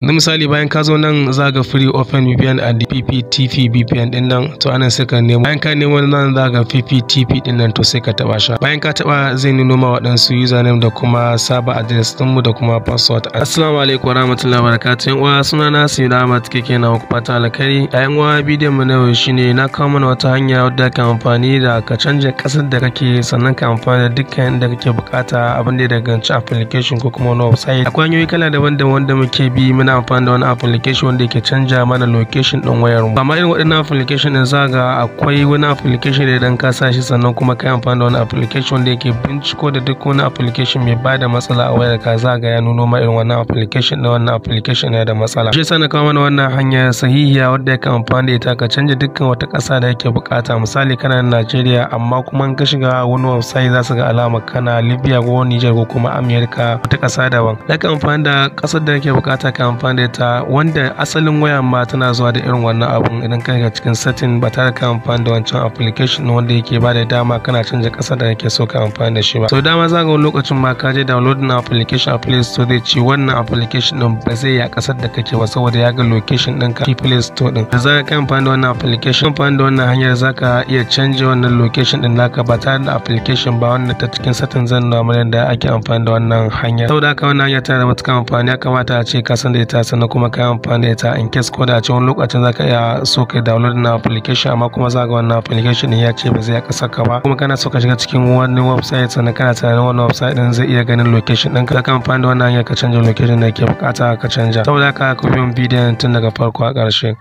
na misali bayan ka zo nan za ga free open vpn and pptp vpn din nan to anan sai ka nemo bayan ka nemo nan za ga pptp din nan to sai ka taba sha bayan ka taba zai nuno ma waɗansu username da kuma saba address din mu da kuma password assalamu alaikum wa barakatuh yan uwa suna na su da amat kike na ku fata alkari a yan uwa bidiyon mu na yau shine na kawo mana wata hanya wadda ka amfani da ka canja kasar da kake sannan ka amfani da dukkan inda kake bukata abin da ya danganci application ko kuma wani website akwai hanyoyi kala daban-daban wanda muke bi muna muna amfani da wani application wanda yake canja mana location din wayar mu amma irin waɗannan application din zaga akwai wani application da idan ka sa shi sannan kuma kai amfani da wani application wanda yake binciko da duk wani application mai bada matsala a wayar ka zaga ya nuno ma irin wannan application din wannan application ya da matsala shi na kawo mana wannan hanya sahihiya wadda yake amfani da ita ka canja dukkan wata ƙasa da yake bukata misali kana Najeriya amma kuma ka shiga wani website za su ga alama kana Libya ko Niger ko kuma Amerika wata ƙasa daban zaka amfani da ƙasar da yake bukata ka amfani da ita wanda asalin wayan ma tana zuwa da irin wannan abun idan ka cikin setting ba tare ka amfani da wancan application wanda yake ba da dama kana canja ƙasa da kake so ka amfani da shi ba so dama za ga lokacin ma ka je download na application a play store zai ce wannan application din ba zai ya ƙasar da kake ba saboda ya ga location din ka play store din za ka amfani da wannan application amfani da wannan hanyar za ka iya canja wannan location din naka ba tare da application ba wannan ta cikin setting zan nuna mana da ake amfani da wannan hanya saboda haka wannan hanya tana da matukar amfani ya kamata a ce ka san da ta sannan kuma ka amfani da ita in case ko da ce wani lokacin zaka iya so ka download na application amma kuma za wannan application ya ce ba zai ya kasa ka ba kuma kana so ka shiga cikin wani website sannan kana tunanin wannan website din zai iya ganin location ka zaka amfani da wannan hanyar ka canja location da ke bukata ka canja saboda ka ku biyan bidiyon tun daga farko a ƙarshe.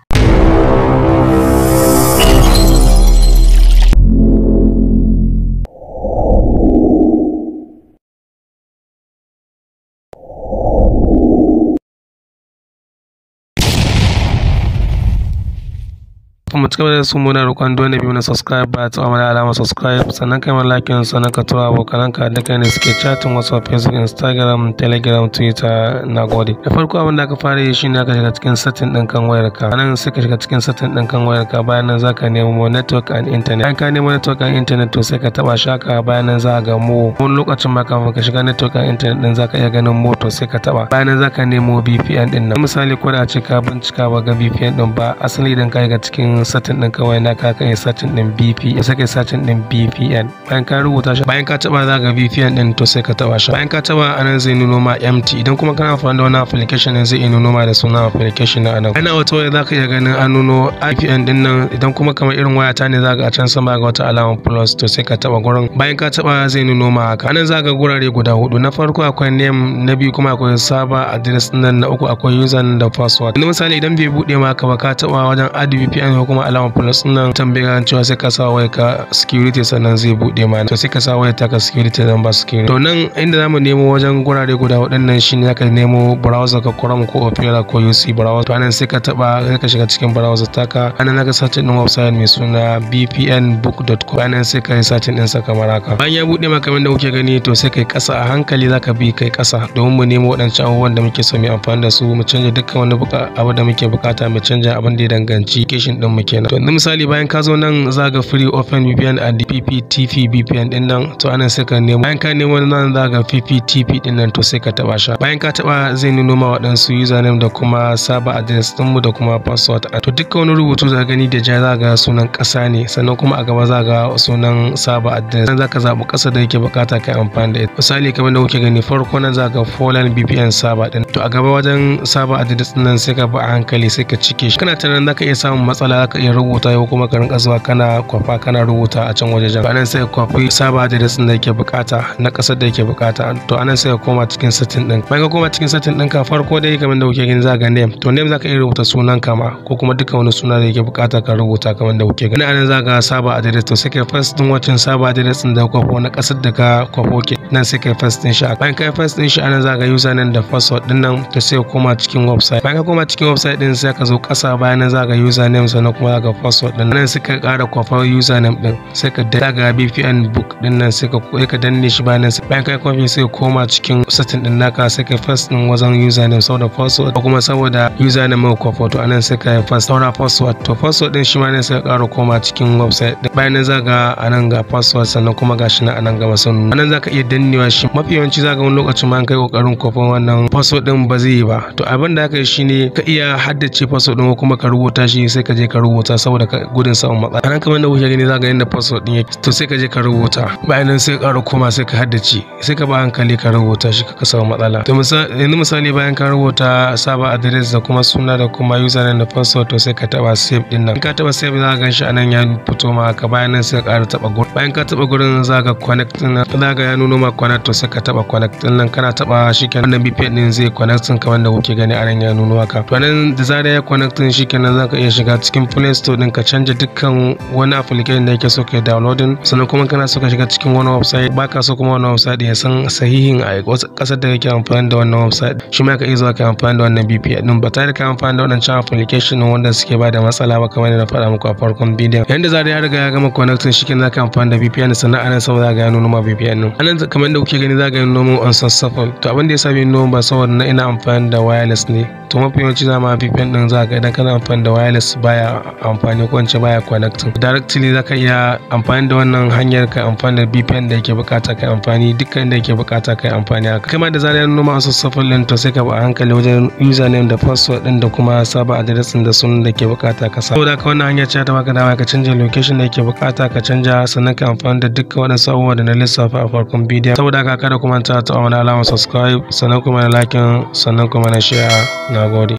kuma cikin gaba da su muna roƙon dole biyu na subscribe ba ta mana alamar subscribe sannan kai like sannan ka tura abokan ka duka ne suke chatting wasu facebook instagram telegram twitter na gode da farko abin da aka fara yi shine aka shiga cikin setting din kan wayar ka nan sai ka shiga cikin setting din kan wayar ka bayan nan zaka nemo network and internet an ka nemo network and internet to sai ka taba shaka bayan nan za ga mo wani lokacin ma kafin ka shiga network and internet din zaka iya ganin mo to sai ka taba bayan nan zaka nemo VPN din nan misali ko da ce ka bincika ba ga VPN din ba asali idan ka shiga cikin wannan satin din kawai na ka kai satin din bp ya kai satin din bpn bayan ka rubuta shi bayan ka taba za ga bpn din to sai ka taba shi bayan ka taba anan zai nuno ma mt idan kuma kana amfani da wani application ne zai nuno ma da sunan application na anan ana wata waya za ka iya ganin an nuno bpn din nan idan kuma kamar irin waya ta ne za ga a can sama ga wata alama plus to sai ka taba gurin bayan ka taba zai nuno ma haka anan za ga gurare guda hudu na farko akwai name na biyu kuma akwai server address nan na uku akwai user da password misali idan bai bude ma ka ba ka taba wajen add vpn kuma alama plus nan tambaya cewa sai ka sa waya ka security sannan zai bude ma to sai ka sa wayar ka security dan ba security to nan inda zamu nemo wajen gurare guda waɗannan shine zaka nemo browser ka Chrome ko Opera ko UC browser to anan sai ka taba sai ka shiga cikin browser taka anan zaka search din website mai suna bpnbook.com anan sai ka yi search din sa kamar haka bayan ya bude maka kamar da kuke gani to sai kai kasa a hankali zaka bi kai kasa domin mu nemo waɗancan abubuwan da muke so mu amfani da su mu canja dukkan wani abu da muke bukata mu canja abin da ya danganci location din mu kenan to yanzu misali bayan ka zo nan za ga free open vpn and pptp vpn din nan to anan sai ka nemo bayan ka nemo nan za ga pptp din nan to sai ka taba sha bayan ka taba zai nuno ma waɗansu username da kuma saba address din mu da kuma password to duka wani rubutu za gani da ja za ga sunan ƙasa ne sannan kuma a gaba za ga sunan saba address sannan za ka zaɓi ƙasa da yake bukata kai amfani da ita misali kamar da kuke gani farko nan za ga folan vpn saba din to a gaba wajen saba address din nan sai ka bi a hankali sai ka cike shi kana tunanin za ka iya samun matsala ka iya rubuta ko kuma ka rinka zuwa kana kwafa kana rubuta a can wajejen anan sai kwafi saba da datsin da yake bukata na kasar da yake bukata to anan sai ka koma cikin setting din bayan ka koma cikin setting din ka farko dai kamar da kuke gani za ga name to name za ka iya rubuta sunan kama ko kuma duka wani suna da yake bukata ka rubuta kamar da kuke gani anan za ka saba address to sai ka first din wacin saba address din da kwafo na kasar da ka kwafo ke nan sai ka first din shi bayan ka first din shi anan za ga username da password din nan to sai ka koma cikin website bayan ka koma cikin website din sai ka zo kasa bayan nan za ga username sannan kuma ga password din nan suka kara kofar username din sai ka da ga VPN book din nan sai ka koyi ka danne shi bayan bayan kai kwafi sai koma cikin setting din naka sai ka first din wajen username saboda password ko kuma saboda username ko kofar to anan sai ka first saura password to password din shi ma ne ka kara koma cikin website din bayan nan zaga anan ga password sannan kuma gashi nan anan ga masan anan zaka iya dannewa shi mafi yawanci zaga wani lokacin ma an kai kokarin kofar wannan password din ba zai yi ba to abin da aka yi shine ka iya haddace password din ko kuma ka rubuta shi sai ka je ka rubuta rubuta saboda gudun samun matsala anan kamar da wuce gani za ga yadda password din yake to sai ka je ka rubuta bayan nan sai ka koma sai ka haddace sai ka ba hankali ka rubuta shi ka samu matsala to yanzu misali bayan ka rubuta saba address da kuma suna da kuma username da password to sai ka taba save din nan in ka taba save za ka gan shi anan ya fito ma Ka bayan nan sai ka ƙara taba gurin bayan ka taba gurin za ka connect din nan za ka ya nuno ma connect to sai ka taba connect din nan kana taba shikenan wannan VPN din zai connect kamar da kuke gani anan ya nuno haka to nan da zarar ya connect shikenan za ka iya shiga cikin play store ɗin ka canja dukkan wani application da yake so ka downloading sannan kuma kana so ka shiga cikin wani website ka so kuma wani website ya san sahihin a kasar da kake amfani da wannan website shi ma ka iya zuwa ka amfani da wannan bp'n? ɗin ba tare da ka amfani da wannan application wanda suke ba da matsala ba kamar yadda na faɗa muku a farkon bidiyon yanda za ya riga ya gama connecting shi kenan ka amfani da bp'n sannan anan saboda za ga ya nuna ma VPN anan kamar da kuke gani za ga ya nuna mu unsuccessful to abin da ya sa bin nuna ba saboda na ina amfani da wireless ne to mafi yawanci za ma bpn din za ga idan kana amfani da wireless baya amfani ko ce baya connecting directly zaka iya amfani da wannan hanyar ka amfani da VPN da yake bukata kai amfani dukkan da yake bukata kai amfani haka kai ma da zarar noma a sassafin lin to sai ka ba a hankali wajen username da password din da kuma sabon address da sun da ke bukata ka sa saboda ka wannan hanyar ce ta baka dama ka canja location da yake bukata ka canja sannan ka amfani da dukkan waɗansu sabuwa da na lissafa a farkon bidiyon saboda ka kada kuma ta ta wani alamar subscribe sannan kuma na like sannan kuma na share nagode